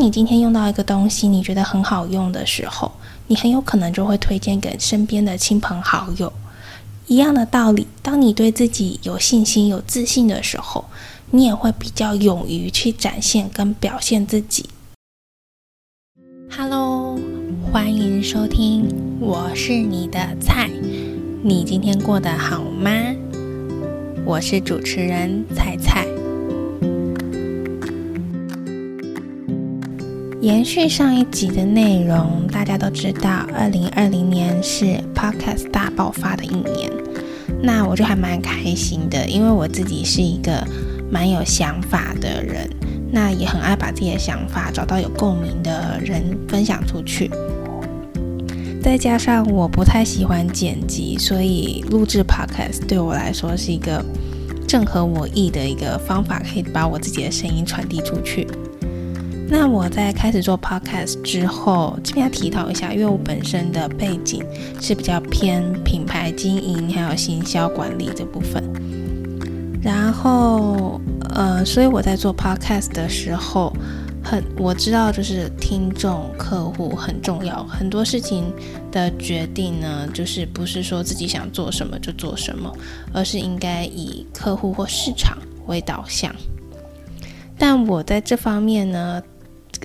你今天用到一個東西，你覺得很好用的時候，你很有可能就會推薦給身邊的親朋好友。一樣的道理，當你對自己有信心、有自信的時候，你也會比較勇於去展現跟表現自己。Hello，歡迎收聽，我是你的蔡。你今天過得好嗎？我是主持人蔡蔡。彩彩延續上一集的內容，大家都知道，二零二零年是 Podcast 大爆發的一年。那我就還蠻開心的，因為我自己是一個蠻有想法的人，那也很愛把自己的想法找到有共鳴的人分享出去。再加上我不太喜歡剪輯，所以錄製 Podcast 對我來說是一個正合我意的一個方法，可以把我自己的聲音傳遞出去。那我在開始做 podcast 之後，這邊要提到一下，因為我本身的背景是比較偏品牌經營還有行銷管理這部分。然後，呃，所以我在做 podcast 的時候，很我知道就是聽眾客戶很重要，很多事情的決定呢，就是不是說自己想做什麼就做什麼，而是應該以客戶或市場為導向。但我在這方面呢。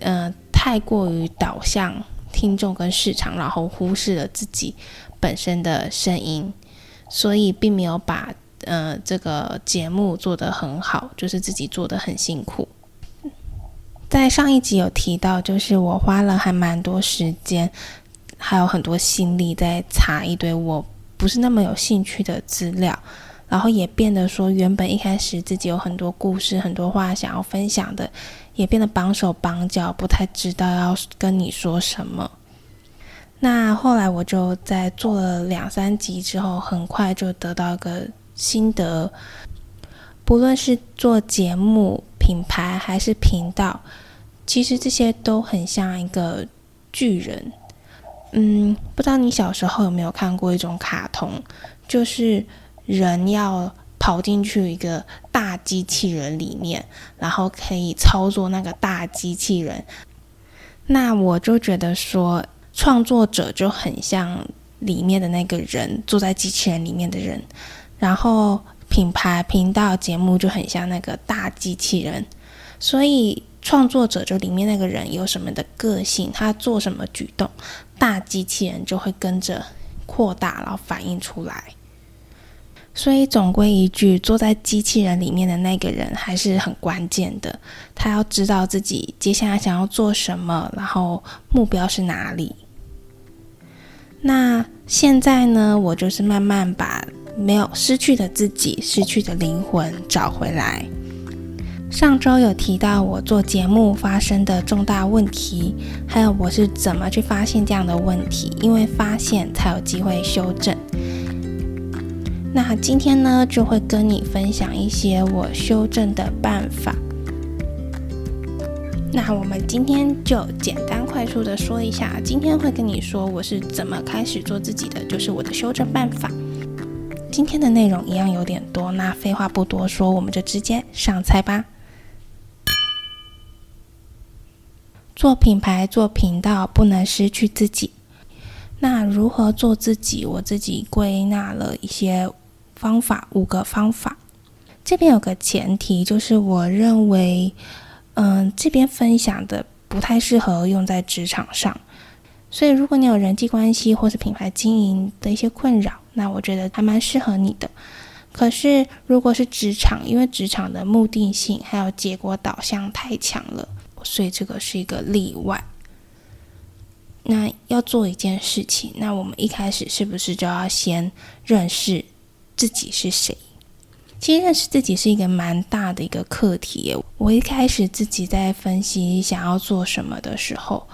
呃，太過於導向聽眾跟市場，然後忽視了自己本身的聲音，所以並沒有把呃這個節目做得很好，就是自己做得很辛苦。在上一集有提到，就是我花了還蠻多時間，還有很多心力在查一堆我不是那麼有興趣的資料，然後也變得說原本一開始自己有很多故事、很多話想要分享的。也變得綁手綁腳，不太知道要跟你說什麼。那後來我就在做了兩三集之後，很快就得到一個心得。不論是做節目、品牌還是頻道，其實這些都很像一個巨人。嗯，不知道你小時候有沒有看過一種卡通，就是人要。跑進去一個大機器人裡面，然後可以操作那個大機器人。那我就覺得說，創作者就很像裡面的那個人，坐在機器人裡面的人。然後品牌、頻道、節目就很像那個大機器人。所以創作者就裡面那個人有什麼的個性，他做什麼舉動，大機器人就會跟着擴大，然後反映出來。所以總歸一句，坐在機器人裡面的那個人還是很關鍵的。他要知道自己接下來想要做什麼，然後目標是哪裡。那現在呢？我就是慢慢把沒有失去的自己、失去的靈魂找回來。上周有提到我做節目發生的重大問題，還有我是怎麼去發現這樣的問題，因為發現才有機會修正。那今天呢，就會跟你分享一些我修正的辦法。那我們今天就簡單快速的說一下，今天會跟你說我是怎麼開始做自己的，就是我的修正辦法。今天的內容一樣有點多，那廢話不多說，我們就直接上菜吧。做品牌、做頻道，不能失去自己。那如何做自己？我自己歸納了一些。方法五個方法，這邊有個前提，就是我認為，嗯、呃，這邊分享的不太適合用在職場上。所以，如果你有人際關係或是品牌經營的一些困擾，那我覺得還蠻適合你的。可是，如果是職場，因為職場的目的性還有結果導向太強了，所以這個是一個例外。那要做一件事情，那我們一開始是不是就要先認識？自己是誰？其實認識自己是一個蠻大的一個課題，我一開始自己在分析想要做什麼的時候，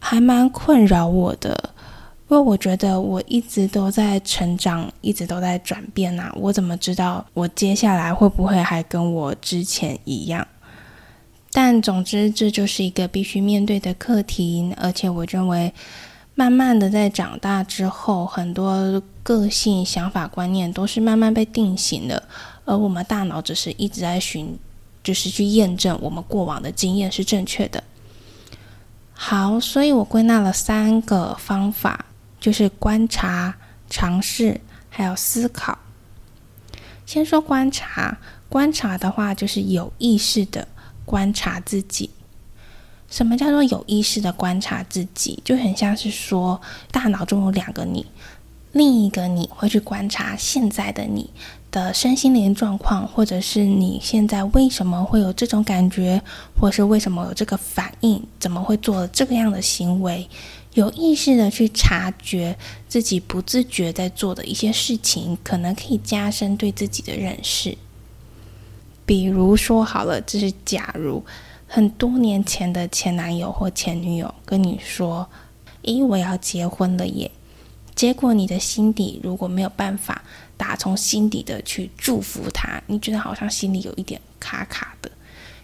還蠻困擾我的，因為我覺得我一直都在成長，一直都在轉變啊。我怎麼知道我接下來會不會還跟我之前一樣？但總之，這就是一個必須面對的課題，而且我認為。慢慢的，在長大之後，很多個性、想法、觀念都是慢慢被定型的，而我們大腦只是一直在尋，就是去驗證我們過往的經驗是正確的。好，所以我歸納了三個方法，就是觀察、嘗試，還有思考。先說觀察，觀察的話就是有意識的觀察自己。什麼叫做有意識的觀察自己？就很像是說，大腦中有兩個你，另一個你會去觀察現在的你的身心靈狀況，或者是你現在為什麼會有這種感覺，或是為什麼有這個反應，怎麼會做了這個樣的行為？有意識的去察覺自己不自覺在做的一些事情，可能可以加深對自己的認識。比如說，好了，這是假如。很多年前的前男友或前女友跟你說：“咦，我要結婚了耶！”結果你的心底如果沒有辦法打從心底的去祝福他，你覺得好像心裡有一點卡卡的。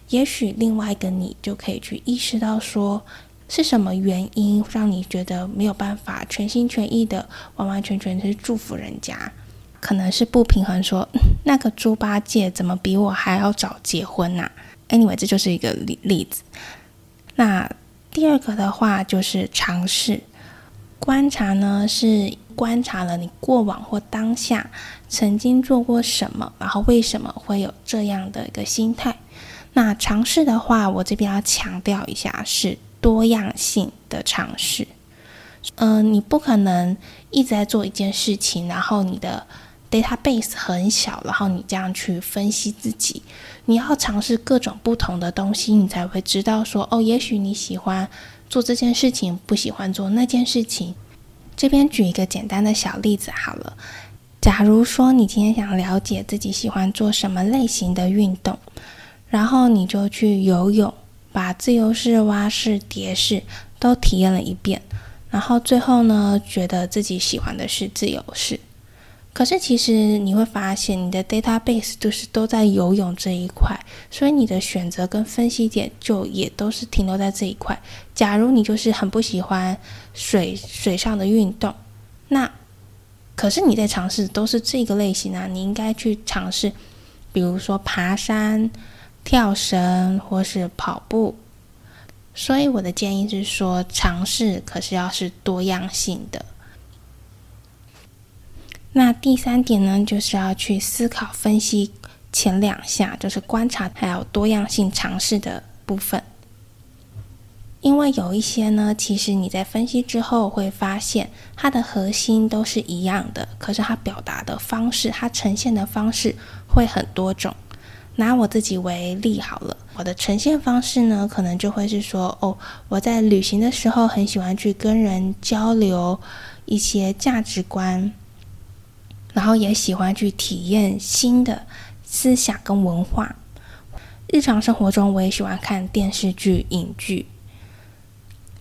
也許另外一個你就可以去意識到說，說是什麼原因讓你覺得沒有辦法全心全意的完完全全的去祝福人家，可能是不平衡說，說那個豬八戒怎麼比我還要早結婚吶、啊。Anyway，這就是一個例例子。那第二個的話就是嘗試。觀察呢，是觀察了你過往或當下曾經做過什麼，然後為什麼會有這樣的一個心態。那嘗試的話，我這邊要強調一下，是多樣性的嘗試。嗯、呃，你不可能一直在做一件事情，然後你的。database 很小，然後你這樣去分析自己，你要嘗試各種不同的東西，你才會知道說，哦，也許你喜歡做這件事情，不喜歡做那件事情。這邊舉一個簡單的小例子好了，假如說你今天想了解自己喜歡做什麼類型的運動，然後你就去游泳，把自由式、蛙式、蝶式都體驗了一遍，然後最後呢，覺得自己喜歡的是自由式。可是其實你會發現，你的 database 就是都在游泳這一塊，所以你的選擇跟分析點就也都是停留在這一塊。假如你就是很不喜歡水水上的運動，那可是你在嘗試都是這個類型啊，你應該去嘗試，比如說爬山、跳繩或是跑步。所以我的建議是說，嘗試可是要是多樣性的。那第三點呢，就是要去思考、分析前兩下，就是觀察還有多樣性嘗試的部分。因為有一些呢，其實你在分析之後會發現，它的核心都是一樣的，可是它表達的方式、它呈現的方式會很多種。拿我自己為例好了，我的呈現方式呢，可能就會是說，哦，我在旅行的時候很喜歡去跟人交流一些價值觀。然後也喜歡去體驗新的思想跟文化。日常生活中，我也喜歡看電視劇、影劇。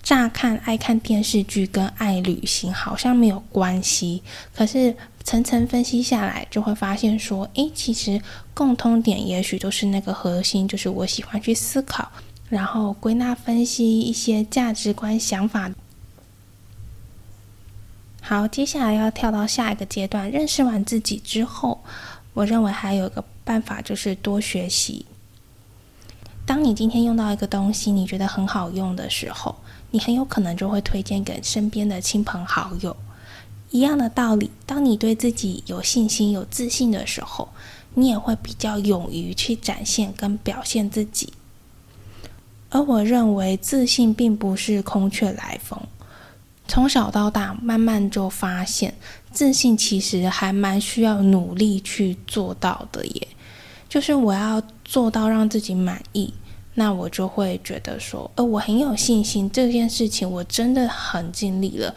乍看，愛看電視劇跟愛旅行好像沒有關係，可是層層分析下來，就會發現說，誒，其實共通點也許就是那個核心，就是我喜歡去思考，然後歸納分析一些價值觀、想法。好，接下來要跳到下一個階段。認識完自己之後，我認為還有一個辦法就是多學習。當你今天用到一個東西，你覺得很好用的時候，你很有可能就會推薦給身邊的親朋好友。一樣的道理，當你對自己有信心、有自信的時候，你也會比較勇於去展現跟表現自己。而我認為，自信並不是空穴來風。從小到大，慢慢就發現，自信其實還蠻需要努力去做到的。耶，就是我要做到讓自己滿意，那我就會覺得說，呃，我很有信心，這件事情我真的很盡力了。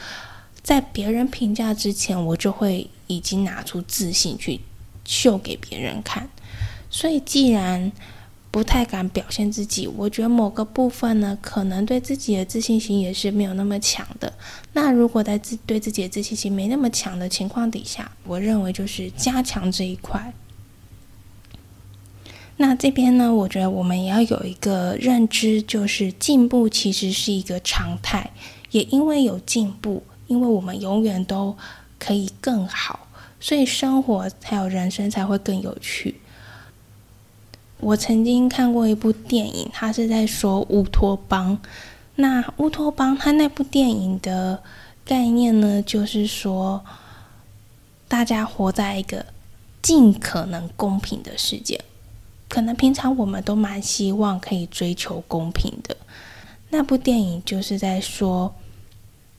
在別人評價之前，我就會已經拿出自信去秀給別人看。所以既然不太敢表現自己，我覺得某個部分呢，可能對自己的自信心也是沒有那麼強的。那如果在自對自己的自信心沒那麼強的情況底下，我認為就是加強這一塊。那這邊呢，我覺得我們也要有一個認知，就是進步其實是一個常態，也因為有進步，因為我們永遠都可以更好，所以生活還有人生才會更有趣。我曾經看過一部電影，它是在說烏托邦。那烏托邦它那部電影的概念呢，就是說大家活在一個盡可能公平的世界。可能平常我們都蠻希望可以追求公平的。那部電影就是在說，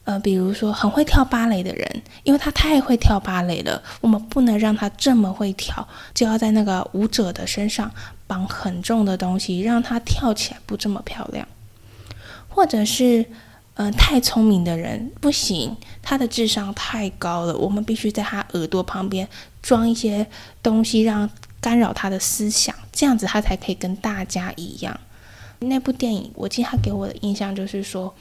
呃，比如說很會跳芭蕾的人，因為他太會跳芭蕾了，我們不能讓他這麼會跳，就要在那個舞者的身上。綁很重的東西，讓他跳起來不這麼漂亮，或者是，嗯、呃，太聰明的人不行，他的智商太高了，我們必須在他耳朵旁邊裝一些東西，讓干擾他的思想，這樣子他才可以跟大家一樣。那部電影，我記得他給我的印象就是說，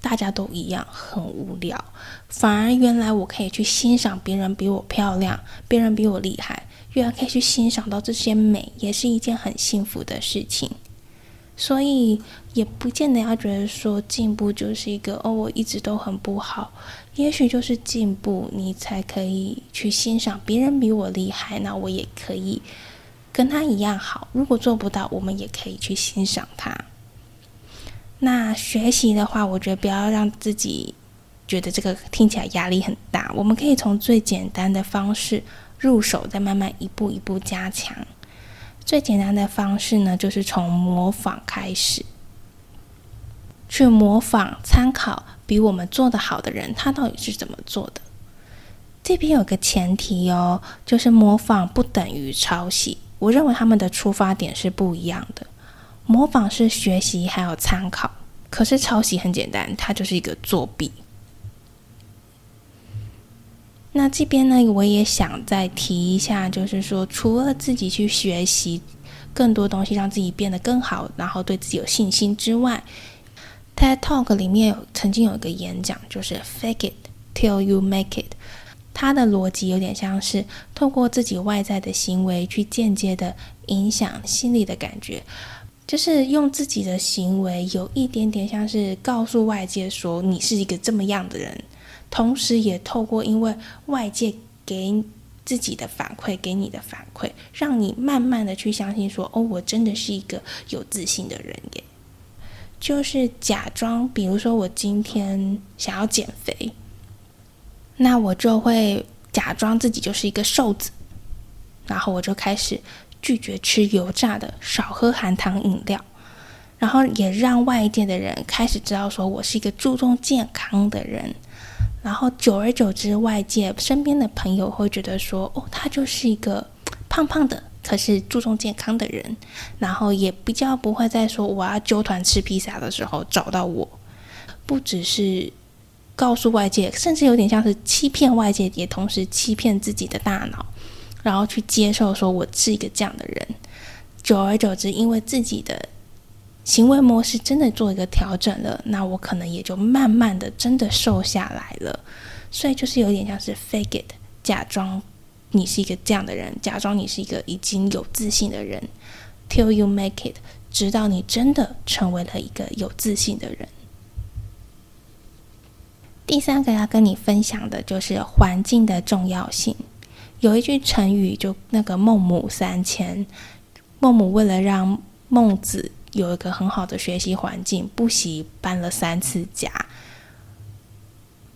大家都一樣，很無聊。反而原來我可以去欣賞別人比我漂亮，別人比我厲害。越要可以去欣賞到這些美，也是一件很幸福的事情。所以也不見得要覺得說進步就是一個哦，我一直都很不好。也許就是進步，你才可以去欣賞別人比我厲害，那我也可以跟他一樣好。如果做不到，我們也可以去欣賞他。那學習的話，我覺得不要讓自己覺得這個聽起來壓力很大。我們可以從最簡單的方式。入手，再慢慢一步一步加強。最簡單的方式呢，就是從模仿開始，去模仿、參考比我們做得好的人，他到底是怎麼做的？這邊有個前提哦，就是模仿不等於抄襲。我認為他們的出發點是不一樣的。模仿是學習還有參考，可是抄襲很簡單，它就是一個作弊。那這邊呢，我也想再提一下，就是說，除了自己去學習更多東西，讓自己變得更好，然後對自己有信心之外，TED Talk 裡面有曾經有一個演講，就是 “Fake it till you make it”，他的邏輯有點像是透過自己外在的行為去間接的影響心理的感覺，就是用自己的行為有一點點像是告訴外界說你是一個這麼樣的人。同時也透過因為外界給自己的反饋，給你的反饋，讓你慢慢的去相信說，哦，我真的是一個有自信的人耶。就是假裝，比如說我今天想要減肥，那我就會假裝自己就是一個瘦子，然後我就開始拒絕吃油炸的，少喝含糖飲料，然後也讓外界的人開始知道說我是一個注重健康的人。然後久而久之，外界身邊的朋友會覺得說：“哦，他就是一個胖胖的，可是注重健康的人。”然後也比較不會再說“我要揪團吃披薩”的時候找到我。不只是告訴外界，甚至有點像是欺騙外界，也同時欺騙自己的大腦，然後去接受說我是一個這樣的人。久而久之，因為自己的。行為模式真的做一個調整了，那我可能也就慢慢的真的瘦下來了，所以就是有點像是 fake it，假裝你是一個這樣的人，假裝你是一個已經有自信的人，till you make it，直到你真的成為了一個有自信的人。第三個要跟你分享的就是環境的重要性，有一句成語就那個孟母三遷，孟母為了讓孟子。有一個很好的學習環境，不惜搬了三次家。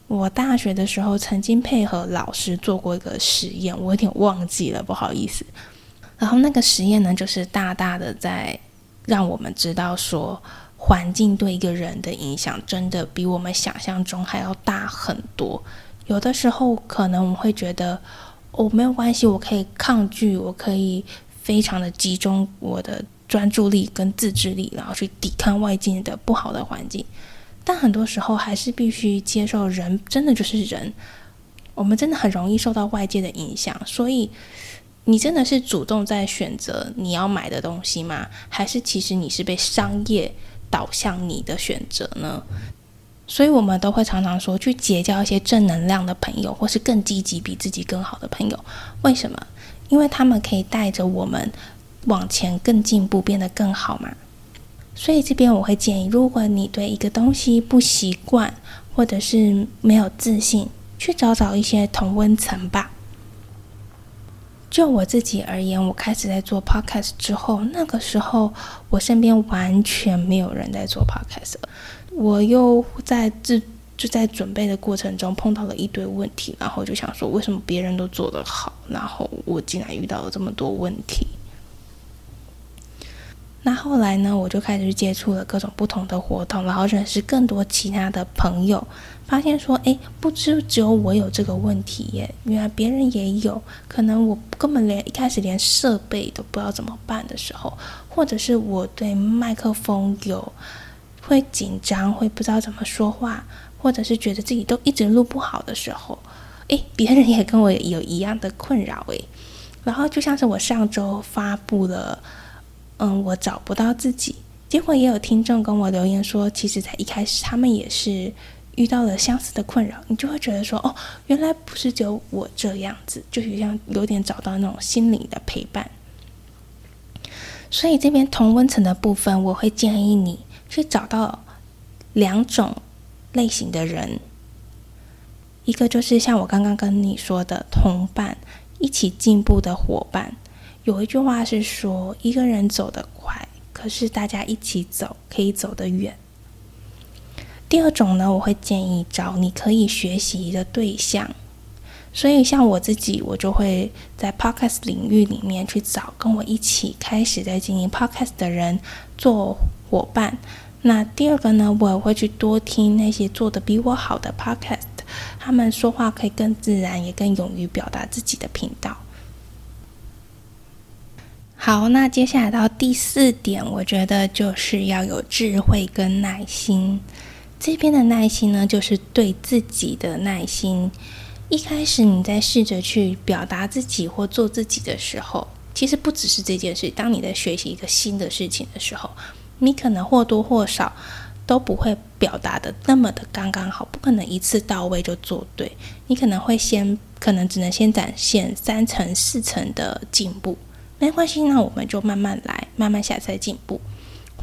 我大學的時候曾經配合老師做過一個實驗，我有點忘記了，不好意思。然後那個實驗呢，就是大大的在讓我們知道說，環境對一個人的影響真的比我們想象中還要大很多。有的時候可能我們會覺得，哦，沒有關係，我可以抗拒，我可以非常的集中我的。專注力跟自制力，然後去抵抗外界的不好的環境，但很多時候還是必須接受人真的就是人，我們真的很容易受到外界的影響。所以，你真的是主動在選擇你要買的東西嗎？還是其實你是被商業導向你的選擇呢？所以，我們都會常常說去結交一些正能量的朋友，或是更積極、比自己更好的朋友。為什麼？因為他們可以帶着我們。往前更進步，變得更好嘛。所以這邊我會建議，如果你對一個東西不習慣，或者是沒有自信，去找找一些同溫層吧。就我自己而言，我開始在做 podcast 之後，那個時候我身邊完全沒有人在做 podcast 了，我又在自，就在準備的過程中碰到了一堆問題，然後就想說，為什麼別人都做得好，然後我竟然遇到了這麼多問題？那後來呢？我就開始接觸了各種不同的活動，然後認識更多其他的朋友，發現說，哎，不只只有我有這個問題耶，原來別人也有。可能我根本連一開始連設備都不知道怎麼辦的時候，或者是我對麥克風有會緊張，會不知道怎麼說話，或者是覺得自己都一直錄不好的時候，哎，別人也跟我有，有一樣的困擾哎。然後就像是我上周發布了。嗯，我找不到自己。結果也有聽眾跟我留言說，其實，在一開始他們也是遇到了相似的困擾。你就會覺得說，哦，原來不是只有我這樣子，就是、有點找到那種心靈的陪伴。所以這邊同溫層的部分，我會建議你去找到兩種類型的人，一個就是像我剛剛跟你說的同伴，一起進步的夥伴。有一句話是說，一個人走得快，可是大家一起走可以走得遠。第二種呢，我會建議找你可以學習的對象。所以像我自己，我就會在 podcast 領域裡面去找跟我一起開始在經營 podcast 的人做伙伴。那第二個呢，我也會去多聽那些做得比我好的 podcast，他們說話可以更自然，也更勇於表達自己的頻道。好，那接下來到第四點，我覺得就是要有智慧跟耐心。這邊的耐心呢，就是對自己的耐心。一開始你在試着去表達自己或做自己的時候，其實不只是這件事。當你在學習一個新的事情的時候，你可能或多或少都不會表達得那麼的剛剛好，不可能一次到位就做對。你可能會先，可能只能先展現三成、四成的進步。沒關係，那我們就慢慢來，慢慢下載進步。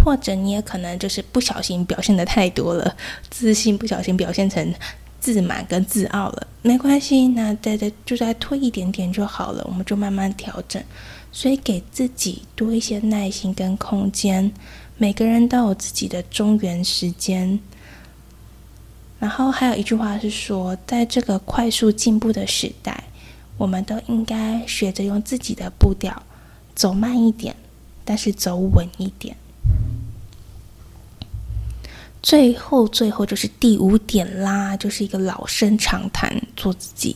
或者你也可能就是不小心表現得太多了，自信不小心表現成自滿跟自傲了。沒關係，那再再就再退一點點就好了。我們就慢慢調整，所以給自己多一些耐心跟空間。每個人都有自己的中原時間。然後還有一句話是說，在這個快速進步的時代，我們都應該學着用自己的步調。走慢一點，但是走穩一點。最後，最後就是第五點啦，就是一個老生常談，做自己。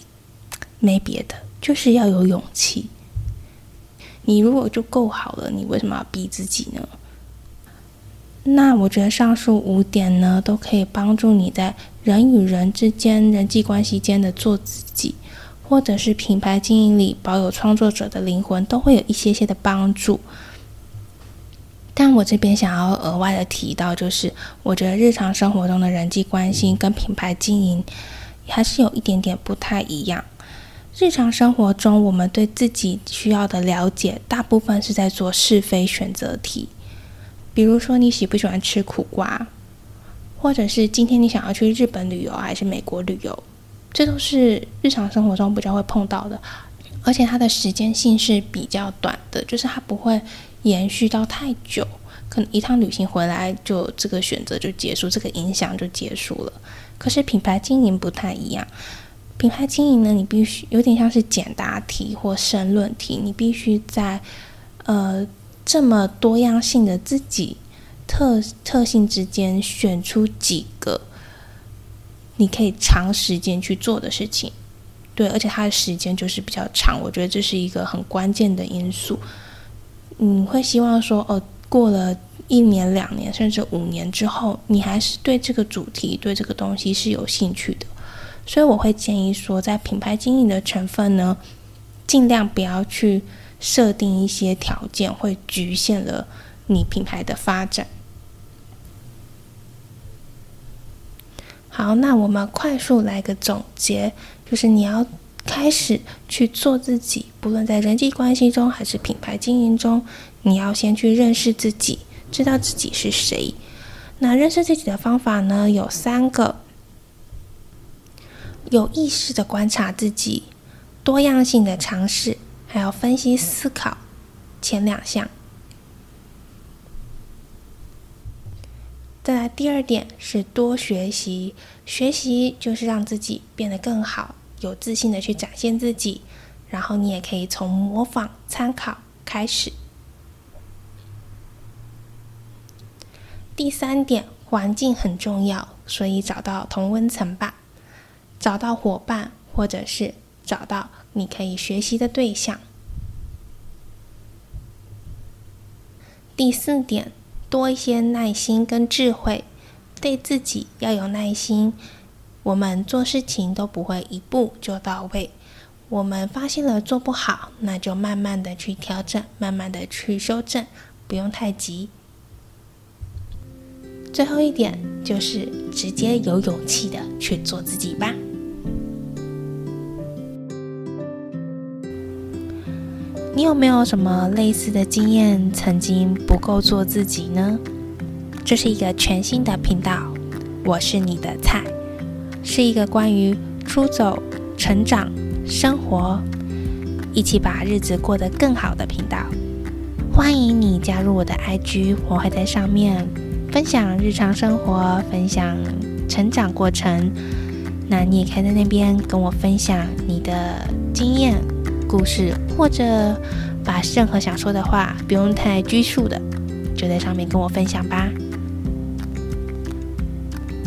沒別的，就是要有勇氣。你如果這樣就夠好了，你為什麼要逼自己呢？那我覺得上述五點呢，都可以幫助你在人與人之間、人際關係間的做自己。或者是品牌經營裡保有創作者的靈魂，都會有一些些的幫助。但我這邊想要額外的提到，就是我覺得日常生活中的人際關係跟品牌經營還是有一點點不太一樣。日常生活中，我們對自己需要的了解，大部分是在做是非選擇題。比如說，你喜不喜歡吃苦瓜，或者是今天你想要去日本旅遊還是美國旅遊？這都是日常生活中比較會碰到的，而且它的時間性是比較短的，就是它不會延續到太久，可能一趟旅行回來就這個選擇就結束，這個影響就結束了。可是品牌經營不太一樣，品牌經營呢，你必須有點像是簡答題或申論題，你必須在呃這麼多樣性的自己特特性之間選出幾個。你可以長時間去做的事情，對，而且它的時間就是比較長，我覺得這是一個很關鍵的因素。你會希望說，哦，過了一年、兩年，甚至五年之後，你還是對這個主題、對這個東西是有興趣的。所以，我會建議說，在品牌經營的成分呢，盡量不要去設定一些條件，會局限了你品牌的發展。好，那我們快速來個總結，就是你要開始去做自己，不論在人際關係中還是品牌經營中，你要先去認識自己，知道自己是誰。那認識自己的方法呢，有三個：有意識的觀察自己，多樣性的嘗試，還要分析思考，前兩項。再來第二點是多學習，學習就是讓自己變得更好，有自信的去展現自己，然後你也可以從模仿、參考開始。第三點，環境很重要，所以找到同溫層吧，找到夥伴，或者是找到你可以學習的對象。第四點。多一些耐心跟智慧，對自己要有耐心。我們做事情都不會一步就到位，我們發現了做不好，那就慢慢的去調整，慢慢的去修正，不用太急。最後一點就是直接有勇氣的去做自己吧。你有沒有什麼類似的經驗，曾經不夠做自己呢？這是一個全新的頻道，我是你的蔡，是一個關於出走、成長、生活，一起把日子過得更好的頻道。歡迎你加入我的 IG，我會在上面分享日常生活，分享成長過程。那你也可以在那邊跟我分享你的經驗。故事，或者把任何想說的話，不用太拘束的，就在上面跟我分享吧。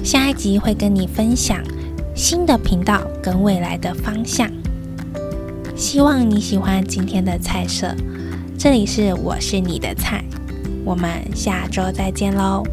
下一集會跟你分享新的頻道跟未來的方向。希望你喜歡今天的菜色，這裡是我是你的蔡，我們下周再見嘍。